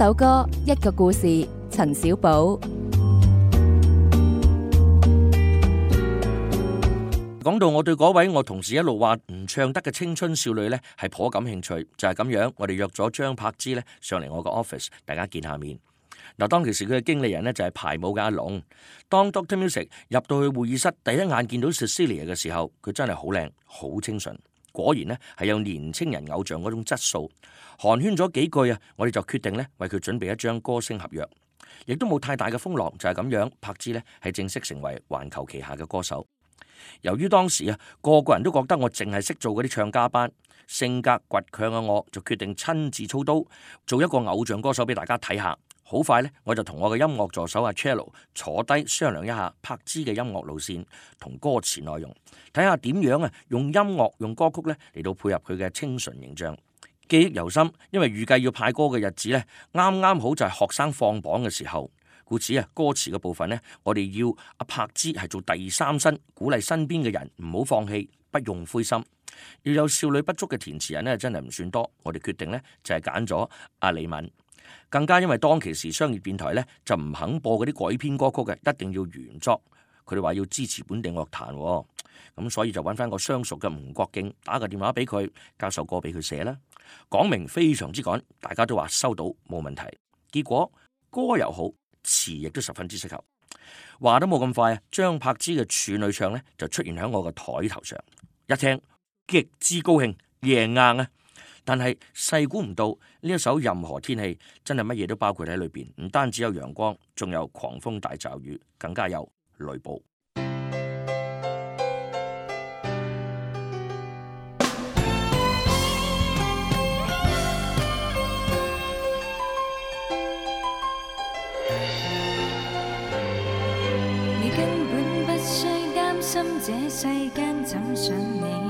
首歌一個故事，陳小寶講到我對嗰位我同事一路話唔唱得嘅青春少女呢係頗感興趣。就係咁樣，我哋約咗張柏芝呢上嚟我個 office，大家見下面嗱。當其時佢嘅經理人呢就係排舞嘅阿龍。當 Doctor Music 入到去會議室，第一眼見到 Cecilia 嘅時候，佢真係好靚，好清純。果然咧係有年青人偶像嗰種質素，寒暄咗幾句啊，我哋就決定咧為佢準備一張歌星合約，亦都冇太大嘅風浪，就係咁樣，柏芝咧係正式成為環球旗下嘅歌手。由於當時啊個個人都覺得我淨係識做嗰啲唱家班，性格倔強嘅我就決定親自操刀，做一個偶像歌手俾大家睇下。好快咧，我就同我嘅音樂助手阿 Chelo 坐低商量一下柏芝嘅音樂路線同歌詞內容，睇下點樣啊用音樂用歌曲咧嚟到配合佢嘅清純形象。記憶猶深，因為預計要派歌嘅日子咧，啱啱好就係學生放榜嘅時候，故此啊歌詞嘅部分呢，我哋要阿柏芝係做第三身，鼓勵身邊嘅人唔好放棄，不用灰心。要有少女不足嘅填詞人呢，真係唔算多，我哋決定呢，就係揀咗阿李敏。更加因為當其時商業電台呢，就唔肯播嗰啲改編歌曲嘅，一定要原作。佢哋話要支持本地樂壇。哦，咁所以就揾翻個相熟嘅吳國敬打個電話俾佢，交首歌俾佢寫啦。講明非常之趕，大家都話收到冇問題。結果歌又好，詞亦都十分之適合。話得冇咁快啊，張柏芝嘅處女唱呢，就出現喺我嘅台頭上，一聽極之高興，贏硬啊！但係細估唔到呢一首任何天氣真係乜嘢都包括喺裏邊，唔單止有陽光，仲有狂風大驟雨，更加有雷暴。你根本不需擔心，這世間怎想你。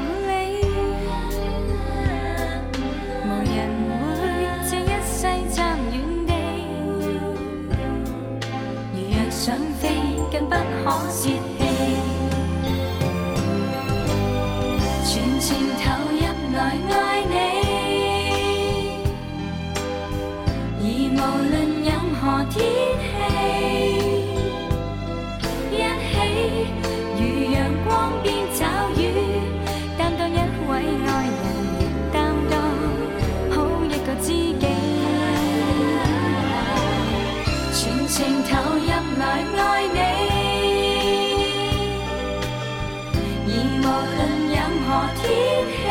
無論任何天氣。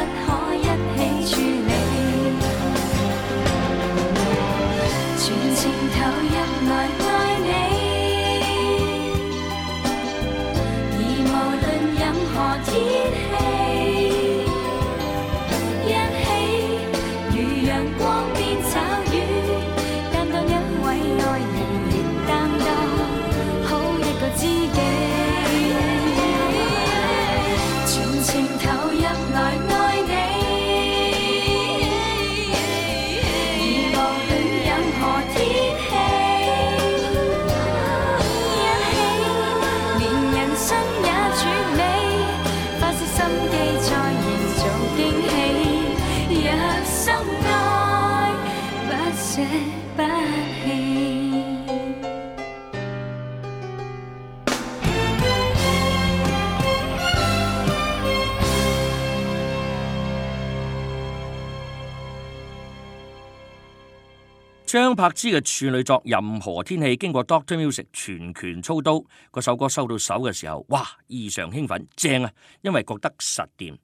張柏芝嘅處女作《任何天氣》，經過 Doctor Music 全權操刀，嗰首歌收到手嘅時候，哇！異常興奮，正啊，因為覺得實掂。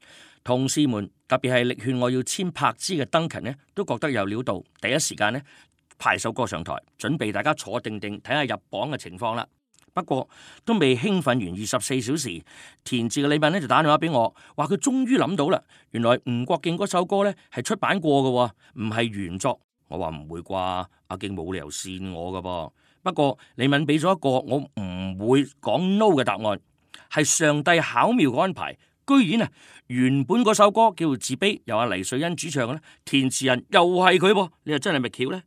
同事們特別係力勸我要簽柏芝嘅登勤呢，都覺得有料到，第一時間呢，派首歌上台，準備大家坐定定睇下入榜嘅情況啦。不過都未興奮完二十四小時，填詞嘅李敏呢就打電話俾我，話佢終於諗到啦，原來吳國敬嗰首歌呢係出版過嘅，唔係原作。我話唔會啩，阿敬冇理由騙我嘅噃。不過李敏俾咗一個我唔會講 no 嘅答案，係上帝巧妙嘅安排。居然啊，原本嗰首歌叫《自卑》，由阿黎瑞恩主唱嘅咧，填詞人又係佢噃，你又真係咪巧呢？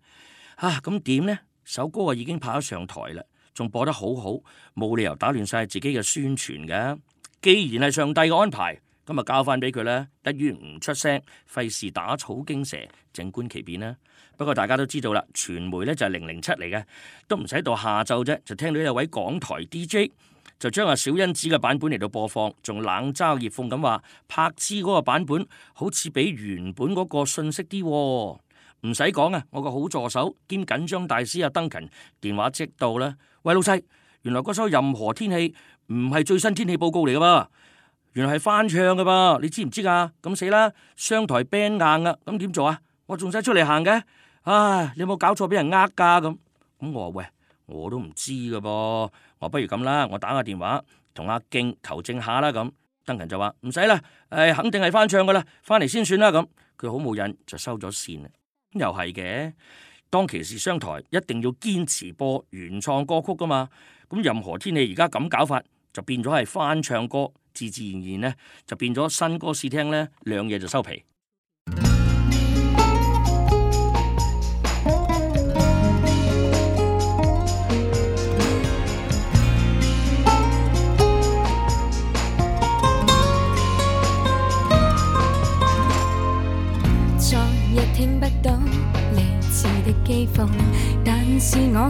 啊，咁點呢？首歌啊已經拍咗上台啦，仲播得好好，冇理由打亂晒自己嘅宣傳嘅。既然係上帝嘅安排，咁啊交翻俾佢啦，等於唔出聲，費事打草驚蛇，靜觀其變啦。不過大家都知道啦，傳媒咧就係零零七嚟嘅，都唔使到下晝啫，就聽到有位港台 DJ。就將阿小欣子嘅版本嚟到播放，仲冷嘲熱諷咁話柏芝嗰個版本好似比原本嗰個信息啲，唔使講啊！我個好助手兼緊張大師阿登勤電話即到啦，喂，老細，原來嗰首任何天氣唔係最新天氣報告嚟噶噃，原來係翻唱嘅噃，你知唔知啊？咁死啦，商台 band 硬啊，咁點做啊？我仲使出嚟行嘅，啊你有冇搞錯俾人呃㗎咁？咁我話喂，我都唔知嘅噃。我不如咁啦，我打個電話同阿敬求證下啦咁。登勤就話唔使啦，誒、哎、肯定係翻唱噶啦，翻嚟先算啦咁。佢好冇癮就收咗線啦。又係嘅，當其時商台一定要堅持播原創歌曲噶嘛。咁任何天氣而家咁搞法，就變咗係翻唱歌，自自然然呢，就變咗新歌試聽呢兩嘢就收皮。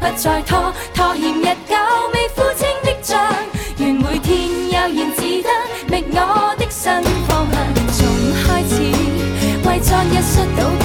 不再拖拖欠日久未付清的賬，願每天悠然自得，覓我的新方向，從開始為昨日摔倒。